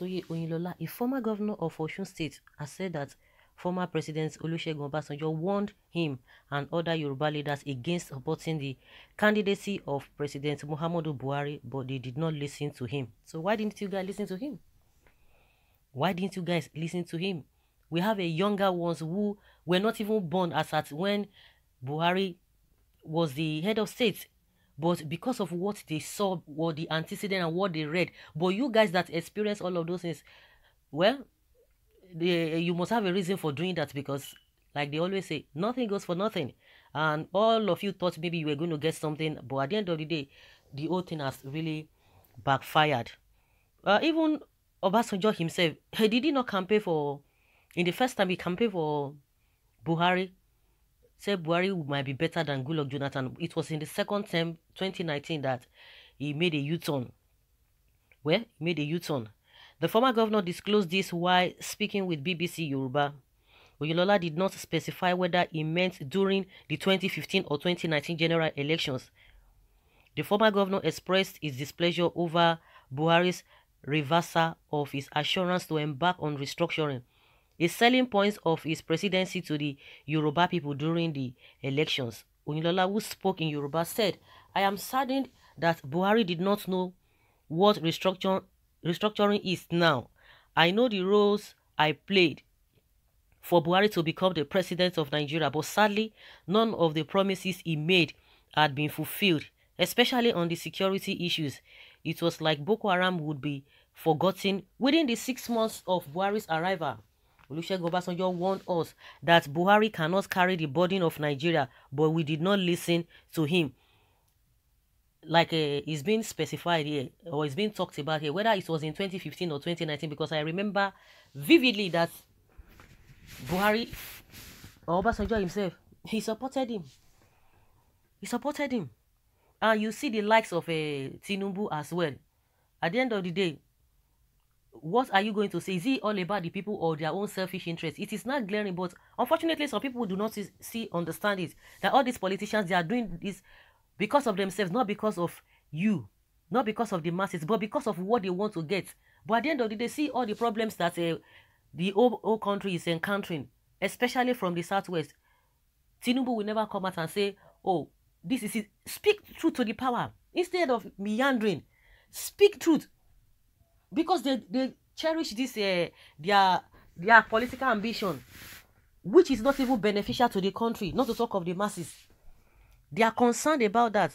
Osuye Oyinlola, a former governor of Osun State, has said that former President Olusegun Obasanjo warned him and other Yoruba leaders against supporting the candidacy of President Muhammadu Buhari, but they did not listen to him. So why didn't you guys listen to him? Why didn't you guys listen to him? We have a younger ones who were not even born as at when Buhari was the head of state but because of what they saw what the antecedent and what they read but you guys that experience all of those things well they, you must have a reason for doing that because like they always say nothing goes for nothing and all of you thought maybe you were going to get something but at the end of the day the whole thing has really backfired uh, even obasanjo himself he did not campaign for in the first time he campaigned for buhari said Buhari might be better than Goodluck Jonathan. It was in the second term, 2019, that he made a U-turn. Well, he made a U-turn. The former governor disclosed this while speaking with BBC Yoruba. Oyolola did not specify whether he meant during the 2015 or 2019 general elections. The former governor expressed his displeasure over Buhari's reversal of his assurance to embark on restructuring a selling point of his presidency to the Yoruba people during the elections. Unilola, who spoke in Yoruba, said, I am saddened that Buhari did not know what restructuring, restructuring is now. I know the roles I played for Buhari to become the president of Nigeria, but sadly, none of the promises he made had been fulfilled, especially on the security issues. It was like Boko Haram would be forgotten within the six months of Buhari's arrival. Olusegun Obasanjo warned us that Buhari cannot carry the burden of Nigeria, but we did not listen to him. Like uh, it's been specified here, or it's been talked about here, whether it was in 2015 or 2019, because I remember vividly that Buhari or Obasanjo himself, he supported him. He supported him. And you see the likes of uh, Tinubu as well. At the end of the day, what are you going to say? Is it all about the people or their own selfish interest? It is not glaring, but unfortunately, some people do not see, understand it. That all these politicians, they are doing this because of themselves, not because of you, not because of the masses, but because of what they want to get. But at the end of the day, they see all the problems that uh, the whole, country is encountering, especially from the southwest. Tinubu will never come out and say, oh, this is it. Speak truth to the power. Instead of meandering, speak truth because they, they cherish this uh, their their political ambition which is not even beneficial to the country not to talk of the masses they are concerned about that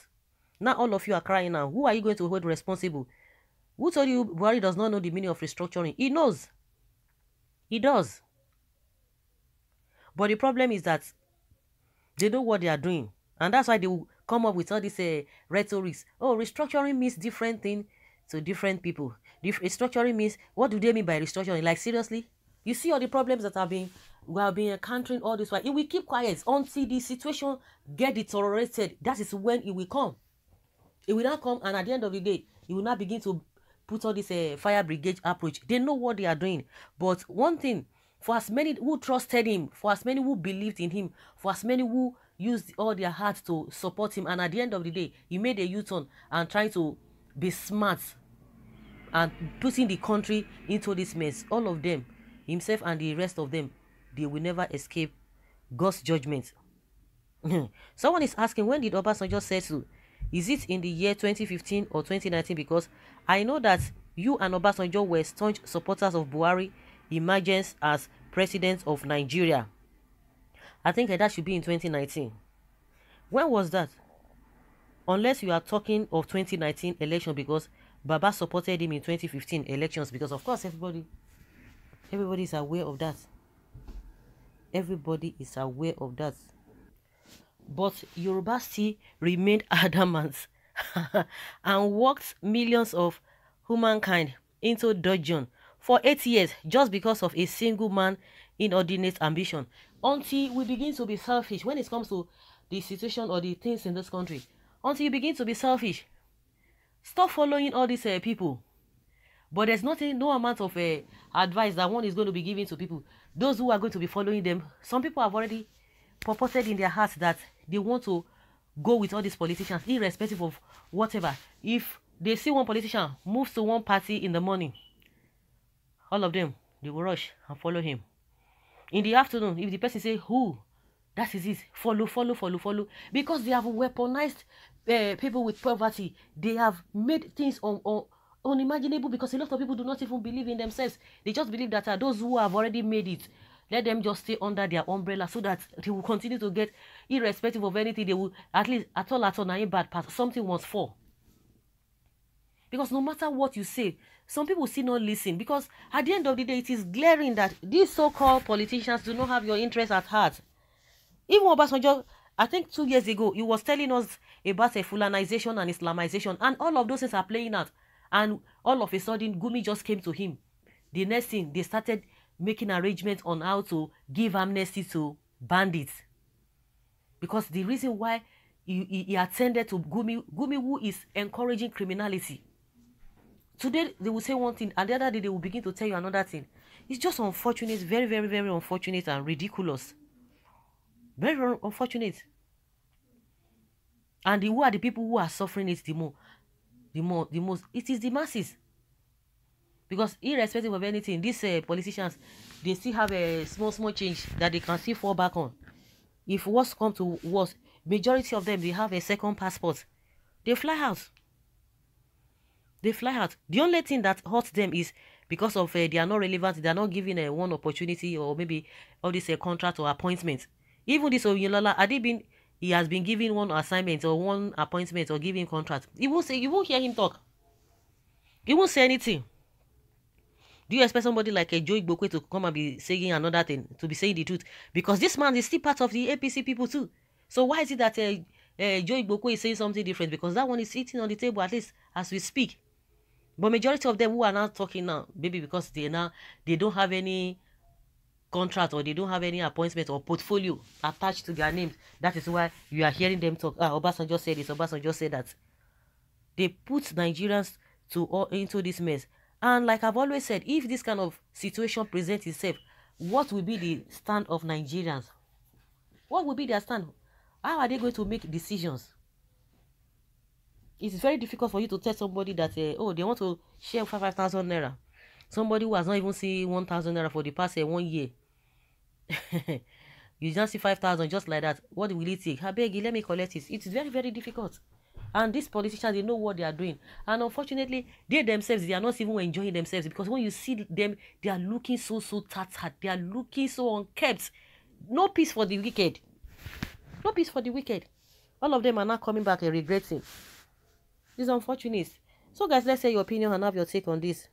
now all of you are crying now who are you going to hold responsible who told you buhari does not know the meaning of restructuring he knows he does but the problem is that they know what they are doing and that's why they will come up with all this uh, eh, rhetorics oh restructuring means different thing so different people. Restructuring means what do they mean by restructuring? Like seriously, you see all the problems that are being we have been encountering all this while If we keep quiet until the situation get deteriorated. That is when it will come. It will not come, and at the end of the day, it will not begin to put all this uh, fire brigade approach. They know what they are doing. But one thing, for as many who trusted him, for as many who believed in him, for as many who used all their heart to support him, and at the end of the day, he made a U-turn and trying to be smart and putting the country into this mess. All of them, himself and the rest of them, they will never escape God's judgment. Someone is asking, when did Obasanjo settle? Is it in the year 2015 or 2019? Because I know that you and Obasanjo were staunch supporters of Buhari emergence as president of Nigeria. I think that should be in 2019. When was that? unless you are talking of 2019 election because Baba supported him in 2015 elections because of course everybody everybody is aware of that. Everybody is aware of that. But Yoruba still remained adamant and walked millions of humankind into dungeon for eight years just because of a single man inordinate ambition until we begin to be selfish when it comes to the situation or the things in this country until you begin to be selfish. Stop following all these uh, people. But there's nothing, no amount of uh, advice that one is going to be giving to people. Those who are going to be following them, some people have already purported in their hearts that they want to go with all these politicians, irrespective of whatever. If they see one politician moves to one party in the morning, all of them, they will rush and follow him. In the afternoon, if the person say, who? That is it. Follow, follow, follow, follow. Because they have weaponized uh, people with poverty, they have made things on, on, unimaginable because a lot of people do not even believe in themselves. They just believe that uh, those who have already made it, let them just stay under their umbrella so that they will continue to get, irrespective of anything, they will at least at all at all na bad pass. Something was for. Because no matter what you say, some people still not listen. Because at the end of the day, it is glaring that these so-called politicians do not have your interest at heart. Even Obasanjo I think two years ago, he was telling us about a fulanization and Islamization, and all of those things are playing out. And all of a sudden, Gumi just came to him. The next thing, they started making arrangements on how to give amnesty to bandits. Because the reason why he, he, he attended to Gumi, Gumi who is encouraging criminality. Today, they will say one thing, and the other day, they will begin to tell you another thing. It's just unfortunate, very, very, very unfortunate and ridiculous. Very unfortunate. And who are the people who are suffering it the more? The more, the most. It is the masses. Because irrespective of anything, these uh, politicians, they still have a small, small change that they can still fall back on. If worse come to worse, majority of them, they have a second passport. They fly out. They fly out. The only thing that hurts them is because of uh, they are not relevant, they are not given uh, one opportunity or maybe all this uh, contract or appointment. Even this Oyinlola Adibin, he has been given one assignment or one appointment or given contract. He won't say, you won't hear him talk. He won't say anything. Do you expect somebody like a Joe Igbokwe to come and be saying another thing, to be saying the truth? Because this man is still part of the APC people too. So why is it that uh, uh, Joe Igbokwe is saying something different? Because that one is sitting on the table at least as we speak. But majority of them who are now talking now, maybe because they now they don't have any contract or they don't have any appointment or portfolio attached to their names. That is why you are hearing them talk. Ah, just said this, Obasanjo said that. They put Nigerians to all into this mess. And like I've always said, if this kind of situation presents itself, what will be the stand of Nigerians? What will be their stand? How are they going to make decisions? It's very difficult for you to tell somebody that, uh, oh, they want to share 5,000 naira. Somebody who has not even seen 1,000 naira for the past uh, one year you just see 5,000 just like that. What will it take? Habegi, let me collect it. It is very, very difficult. And these politicians, they know what they are doing. And unfortunately, they themselves, they are not even enjoying themselves because when you see them, they are looking so, so tattered. They are looking so unkempt. No peace for the wicked. No peace for the wicked. All of them are now coming back and regretting. It's unfortunate. So guys, let's say your opinion and have your take on this.